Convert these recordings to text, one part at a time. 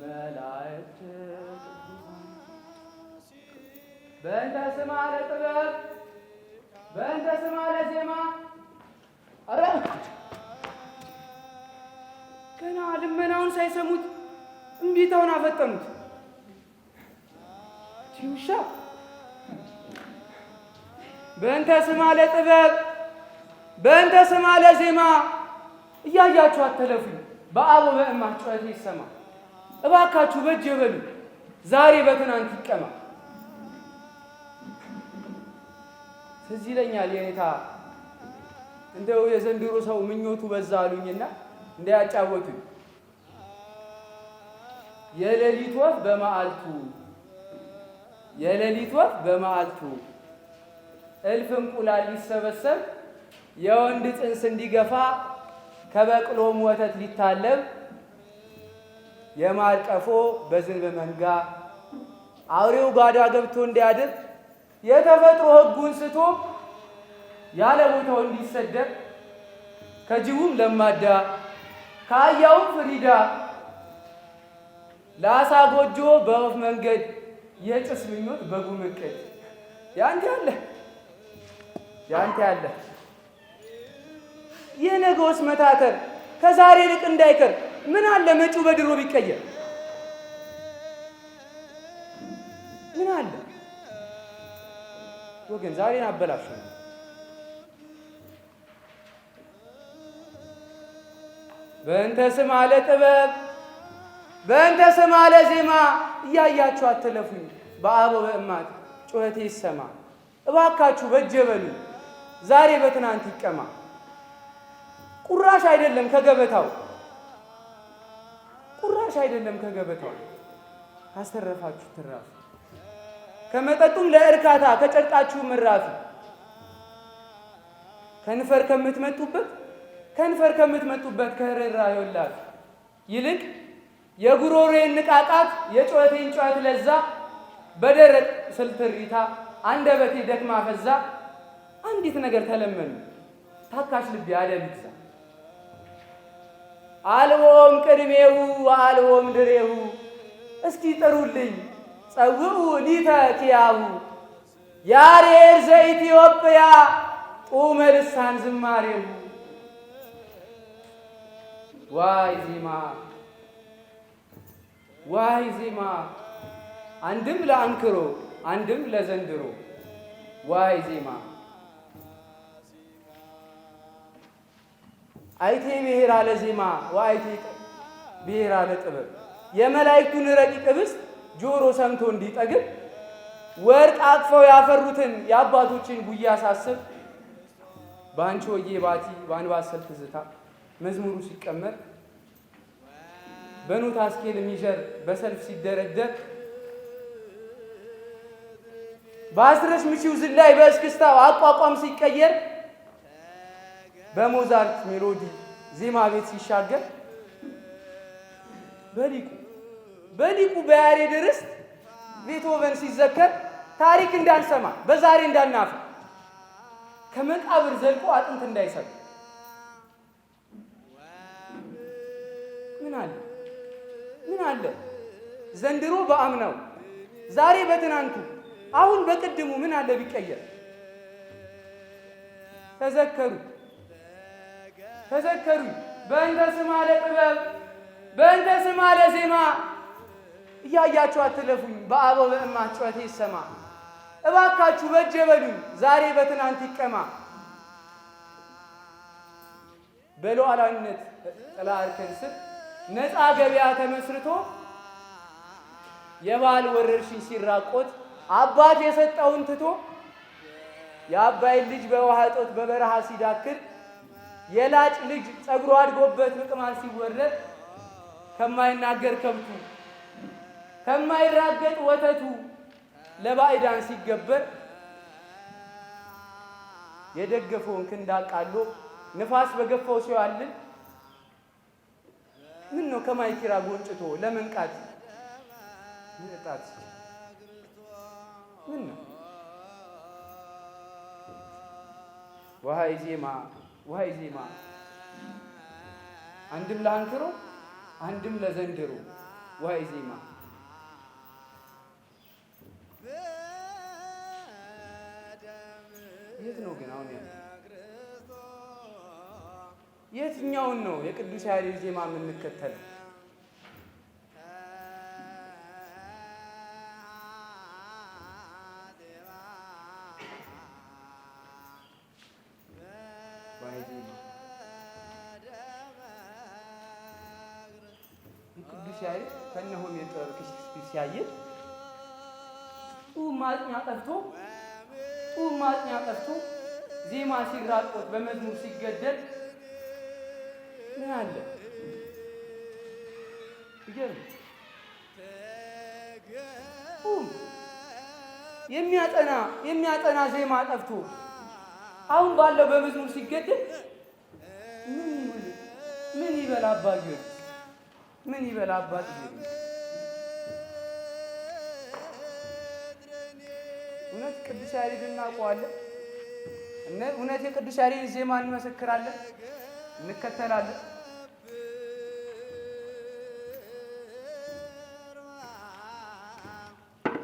መላእክት በእንተ ስማ ለጥበብ በእንተ ስማ ለዜማ አረ ገና ልመናውን ሳይሰሙት እምቢታውን አፈጠኑት። ውሻ በእንተ ስማ ለጥበብ በእንተ ስማ ለዜማ እያያችሁ አትለፉ። ጩኸት እባካችሁ በእጅ የበሉ ዛሬ በትናንት ይቀማ። ትዝ ይለኛል የኔታ እንደው የዘንድሮ ሰው ምኞቱ በዛ አሉኝና እንዳያጫወቱኝ የሌሊት ወፍ በመዓልቱ የሌሊት ወፍ በመዓልቱ እልፍ እንቁላል ሊሰበሰብ የወንድ ጽንስ እንዲገፋ ከበቅሎም ወተት ሊታለብ የማር ቀፎ በዝንብ መንጋ አውሬው ጓዳ ገብቶ እንዲያድር የተፈጥሮ ሕጉን ስቶ ያለ ቦታው እንዲሰደብ ከጅቡም ለማዳ ከአህያውም ፍሪዳ ለአሳ ጎጆ በወፍ መንገድ የጭስ ምኞት በጉም እቅድ ያንተ ያለ ያንተ ያለ ይህ ነገውስ መታተር ከዛሬ ልቅ እንዳይከር ምን አለ መጪው በድሮ ቢቀየር ምን አለ ወገን፣ ዛሬን አበላሽ በእንተ ስም አለ ጥበብ በእንተ ስም አለ ዜማ እያያችሁ አትለፉኝ በአብ በእማት ጩኸቴ ይሰማ። እባካችሁ በጀበሉ ዛሬ በትናንት ይቀማ። ቁራሽ አይደለም ከገበታው ጭራሽ አይደለም ከገበታው ካስተረፋችሁ ትራ ከመጠጡም ለእርካታ ከጨርቃችሁ ምራፍ ከንፈር ከምትመጡበት ከንፈር ከምትመጡበት ከርኅራኄ ወላፊ ይልቅ የጉሮሮዬን ንቃቃት የጩኸቴን ጩኸት ለዛ በደረቅ ስልትሪታ አንደበቴ ደክማ ፈዛ አንዲት ነገር ተለመኑ ታካሽ ልቤ አደብ ይግዛ አልቦም ቅድሜው አልቦም ድሬው እስኪ ጥሩልኝ ጸውኡ ሊተ ቲያቡ ያሬድ ዘኢትዮጵያ ጡመ ልሳን ዝማሬው ዋይ ዜማ ዋይ ዜማ አንድም ለአንክሮ አንድም ለዘንድሮ ዋይ ዜማ አይቴ ብሔር አለ ዜማ ወአይቴ ብሔር አለ ጥበብ የመላእክቱን ረቂቅ ቅብስ ጆሮ ሰምቶ እንዲጠግብ ወርቅ አቅፈው ያፈሩትን የአባቶችን ጉያ ሳስብ በአንቺ ወዬ ባቲ በአንባሰል ትዝታ መዝሙሩ ሲቀመጥ በኖት አስኬል የሚጀር በሰልፍ ሲደረደር በአስረስ ምቺው ዝላይ በእስክስታው አቋቋም ሲቀየር በሞዛርት ሜሎዲ ዜማ ቤት ሲሻገር በሊቁ በሊቁ በያሬድ ርስት ቤትሆቨን ሲዘከር ታሪክ እንዳንሰማ በዛሬ እንዳናፍ ከመቃብር ዘልቆ አጥንት እንዳይሰብ ምን አለ ምን አለ ዘንድሮ በአምናው ዛሬ በትናንቱ አሁን በቅድሙ ምን አለ ቢቀየር ተዘከሩ ተዘከሩ በእንተ ስማ ጥበብ በእንተ ስማ ዜማ እያያችሁ አትለፉኝ በአበው በእማ ጩኸቴ ይሰማ። እባካችሁ በጀበሉ በሉኝ ዛሬ በትናንት ይቀማ። በሉዓላዊነት ጥላ እርከን ስር ነፃ ገበያ ተመስርቶ የባል ወረርሽኝ ሲራቆት አባት የሰጠውን ትቶ የአባይን ልጅ በውሃ እጦት በበረሃ ሲዳክር የላጭ ልጅ ጸጉሩ አድጎበት ምቅማን ሲወረድ ከማይናገር ከብቱ ከማይራገጥ ወተቱ ለባዕዳን ሲገበር የደገፈውን ክንድ አቃሎ ንፋስ በገፋው ሲዋልን? ምን ነው ከማይኪራ ጎንጭቶ ለመንቃት ምጣት ምን ነው ወሃይ ዜማ ዋይ ዜማ አንድም ለአንክሮ አንድም ለዘንድሮ ዋይ ዜማ የት ነው ግን አሁን ያለው? የትኛውን ነው የቅዱስ ያሬድ ዜማ የምንከተለው? ቅዱስ ያሬድ ከነሆም ማጥኛ ጠፍቶ ማጥኛ ጠፍቶ ዜማ ሲራቆት በመዝሙር ሲገደል ምን አለ የሚያጠና የሚያጠና ዜማ ጠፍቶ አሁን ባለው በመዝሙር ሲገደል ምን ይበል አባ ጊዮርጊስ ምን ይበል አባ ጊዮርጊስ። እውነት ቅዱስ ያሬድ እናውቀዋለን። እውነት የቅዱስ ያሬድ ዜማ እንመሰክራለን፣ እንከተላለን።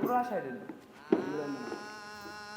ቁራሽ አይደለም